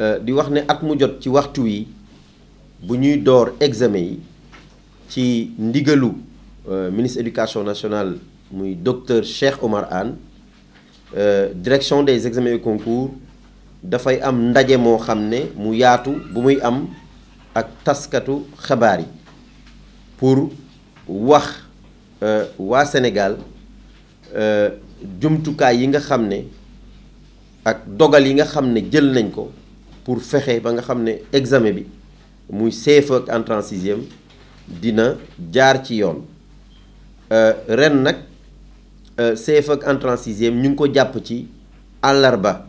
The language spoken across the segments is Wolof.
Euh, di wax ne at mu jot ci waxtu wi bu ñuy door examen yi ci ndigalu euh, ministre éducation nationale muy docteur Cheikh Omar Anne euh, direction des examens et concours dafay am ndaje moo xam ne mu yaatu bu muy am ak taskatu xabaar yi pour wax waa Sénégal Euh, jumtukaay yi nga xam ne ak dogal yi nga xam ne jël nañ ko pour fexe ba nga xam ne examen bi muy CFEE ak entrée en sixième dina jaar ci yoon euh, ren nag euh, CFEE ak entrée en sixième ñu ngi ko jàpp ci àllarba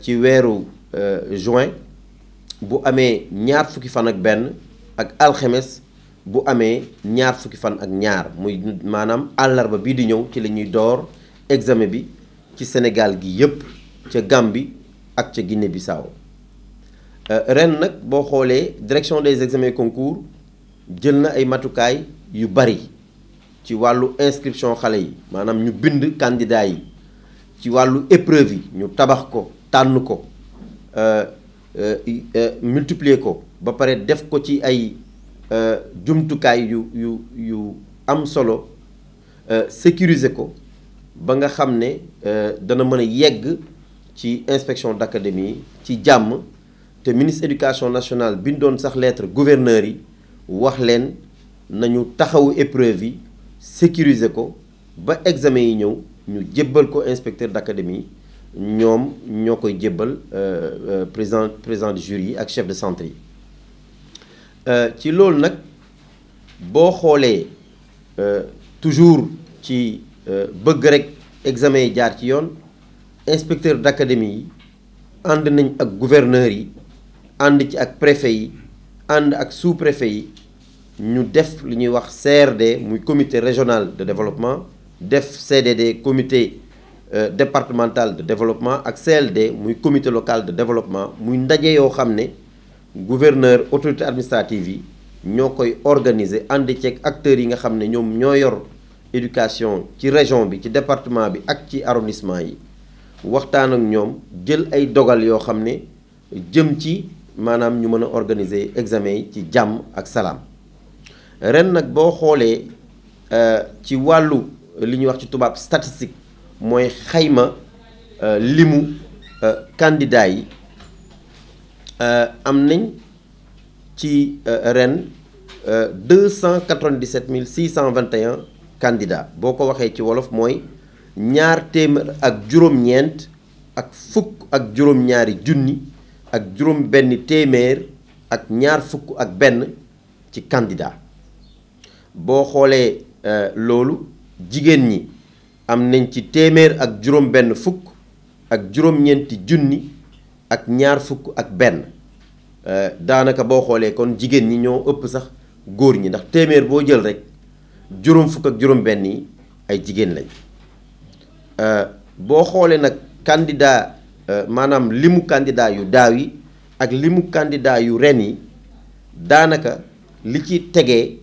ci weeru juin bu amee ñaar fukki fan ak benn ak alxemes bu amee ñaar fukki fan ak ñaar muy maanaam àllarba bii di ñëw ci lañuy door examen bi ci Sénégal gi yépp ca Gambie ak ca Guinée Bissau euh, ren nag boo xoolee direction des examens concours jël na ay matukaay yu bari ci wàllu inscription xale yi maanaam ñu bind candidat yi ci wàllu épreuve yi ñu tabax ko tànn ko euh, euh, multiplier ko ba pare def ko ci ay Euh, jumtukaay yu yu yu am solo euh, sécuriser ko ba nga xam ne euh, dana mën a yegg ci inspection d'académie yi ci jàmm te ministre éducation nationale bi ñu doon sax lettre gouverneur yi wax leen nañu taxawu épreuve yi sécuriser ko ba examen yi ñëw ñu jébbal ko inspecteur d'académie yi ñoom ñoo koy jébbal président président de jury yi ak chef de centre yi Euh, ci loolu nag boo xoolee euh, toujours ci euh, bëgg rek examen yi jaar ci yoon inspecteur d'académie yi ànd nañ ak gouverneur yi ànd ci ak préfet yi ànd ak sous-préfet yi ñu def li ñuy wax CRD muy comité régional de développement def CDD comité départemental de développement ak CLD muy comité local de développement muy ndaje yoo xam ne gouverneur autorité administrative yi ñoo koy organiser ànd ceeg acteurs yi nga xam ne ñoom ñoo yor éducation ci région bi ci département bi ak ci arrondissement yi waxtaan ak ñoom jël ay dogal yoo xam ne jëm ci maanaam ñu mën a organiser examen yi ci jàmm ak salaam ren nag boo xoolee euh, ci wàllu li ñuy wax ci tubaab statistique mooy xayma euh, limu euh, candidats yi Euh, am nañ ci euh, ren euh, deux cent quatre vingt mille six cent vingt et un boo ko waxee ci wolof mooy ñaar téeméer ak juróom-ñeent ak fukk ak juróom-ñaari junni ak juróom-benn téeméer ak ñaar fukk ak benn ci candidat boo xoolee loolu jigéen ñi am nañ ci téeméer ak juróom-benn fukk ak juróom-ñeenti junni. ak ñaar fukk ak benn euh, daanaka boo xoolee kon jigéen ñi ñoo ëpp sax góor ñi ndax téeméer boo jël rek juróom fukk ak juróom benn yi ay jigéen lañ euh, boo xoolee nag candidat euh, maanaam limu candidat yu daaw yi ak limu candidat yu ren yi daanaka li ci tegee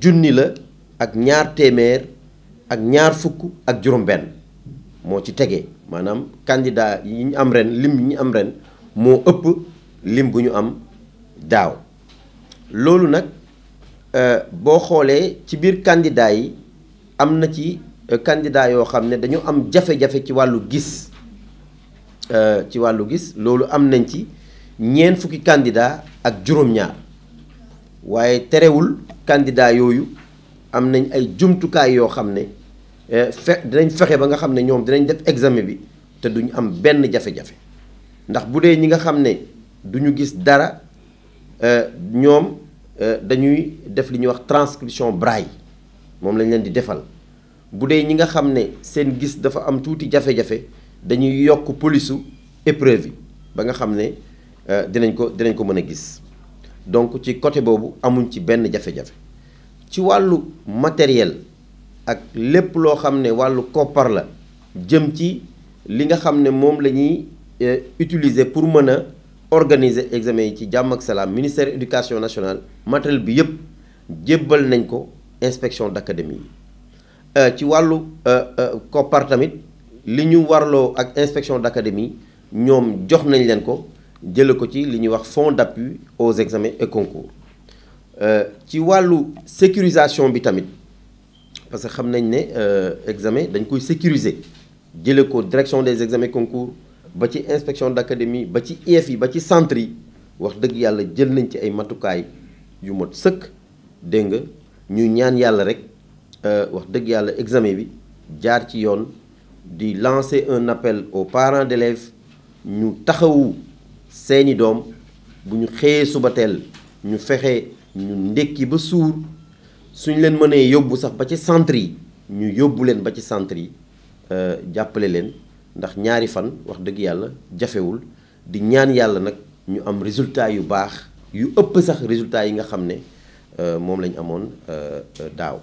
junni la ak ñaar téeméer ak ñaar fukk ak juróom benn moo ci tegee maanaam kandidaa yi ñu am ren lim yi ñu am ren moo ëpp lim bu ñu am daaw loolu nag euh, boo xoolee ci biir kandidaa yi am na ci euh, candidat yoo xam ne dañu am jafe-jafe ci wàllu gis euh, ci wàllu gis loolu am nañ ci ñeent fukki candidat ak juróom-ñaar waaye terewul kandidaa yooyu am nañ ay jumtukaay yoo xam ne Eh, fe dinañ fexe ba nga xam ne ñoom dinañ def examen bi te duñ am benn jafe-jafe ndax bu dee ñi nga xam ne duñu gis dara eh, ñoom eh, dañuy def li ñuy wax transcription braille moom lañ leen di defal bu dee ñi nga xam ne seen gis dafa am tuuti jafe-jafe dañuy yokk polisu épreuve yi ba nga xam ne dinañ ko dinañ ko mën a gis donc ci côté boobu amuñ ci benn jafe-jafe ci wàllu matériel ak lépp loo xam ne wàllu koppar la jëm ci li nga xam ne moom la ñuy euh, utiliser pour mën a organiser examen yi ci jàmm ak salaam ministère éducation nationale matériel bi yëpp jébbal nañ ko inspection d'académie yi euh, ci wàllu euh, koppar tamit li ñu warloo ak inspection d'académie ñoom jox nañ leen ko jële ko ci li ñuy wax fonds d'appui aux examens et concours ci wàllu sécurisation bi tamit parce que xam nañ ne euh, examen dañ koy sécuriser jëlee ko direction des examens concours ba ci inspection d'académie ba ci IEF yi ba ci centre yi wax dëgg yàlla jël nañ ci ay matukaay yu mot sëkk dégg nga ñu ñaan yàlla rek euh, wax dëgg yàlla examen bi jaar ci yoon di lancer un appel aux parents d'élèves ñu taxawu seeni doom bu ñu xëyee suba teel ñu fexe ñu ndekki ba suur suñ leen mënee yóbbu sax ba ci centre yi ñu yóbbu leen ba ci centre yi euh, jàppale leen ndax ñaari fan wax dëgg yàlla jafewul di ñaan yàlla nag ñu am résultat yu baax yu ëpp sax résultat yi nga xam ne euh, moom lañ amoon euh, daaw